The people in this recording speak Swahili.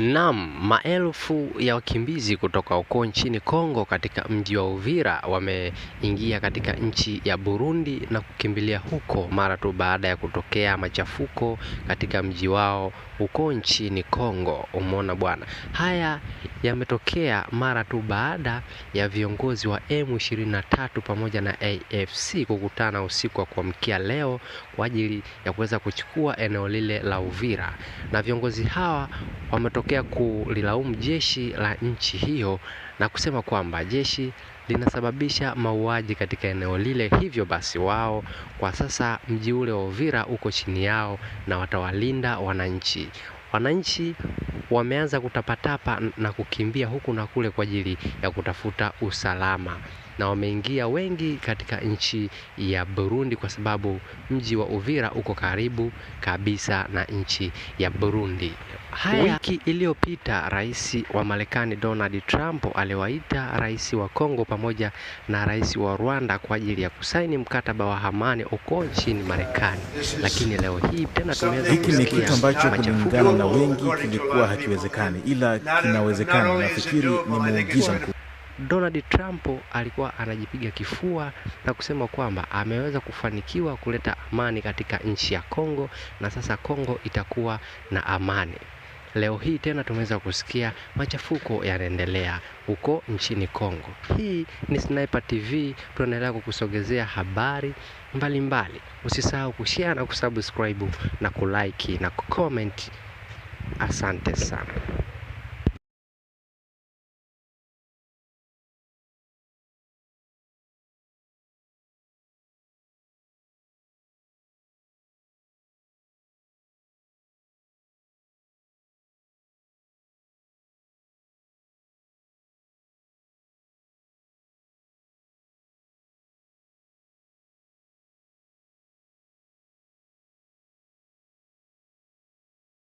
Naam, maelfu ya wakimbizi kutoka huko nchini Kongo katika mji wa Uvira wameingia katika nchi ya Burundi na kukimbilia huko mara tu baada ya kutokea machafuko katika mji wao huko nchini Kongo. Umeona bwana, haya yametokea mara tu baada ya viongozi wa M23 pamoja na AFC kukutana usiku wa kuamkia leo kwa ajili ya kuweza kuchukua eneo lile la Uvira, na viongozi hawa wametoka limetokea kulilaumu jeshi la nchi hiyo na kusema kwamba jeshi linasababisha mauaji katika eneo lile, hivyo basi wao kwa sasa mji ule wa Uvira uko chini yao na watawalinda wananchi. Wananchi wameanza kutapatapa na kukimbia huku na kule kwa ajili ya kutafuta usalama na wameingia wengi katika nchi ya Burundi kwa sababu mji wa Uvira uko karibu kabisa na nchi ya Burundi. Haya, wiki iliyopita rais wa Marekani Donald Trump aliwaita rais wa Kongo pamoja na rais wa Rwanda kwa ajili ya kusaini mkataba wa amani uko nchini Marekani, lakini leo hii tena tumeweza hiki ni kitu ambacho kulingana na wengi kilikuwa hakiwezekani, ila kinawezekana. Nafikiri ni muujiza mkubwa. Donald Trump alikuwa anajipiga kifua na kusema kwamba ameweza kufanikiwa kuleta amani katika nchi ya Kongo na sasa Kongo itakuwa na amani. Leo hii tena tumeweza kusikia machafuko yanaendelea huko nchini Kongo. Hii ni Sniper TV, tunaendelea kukusogezea habari mbalimbali mbali. Usisahau kushare na kusubscribe na kulike na kucomment. Asante sana.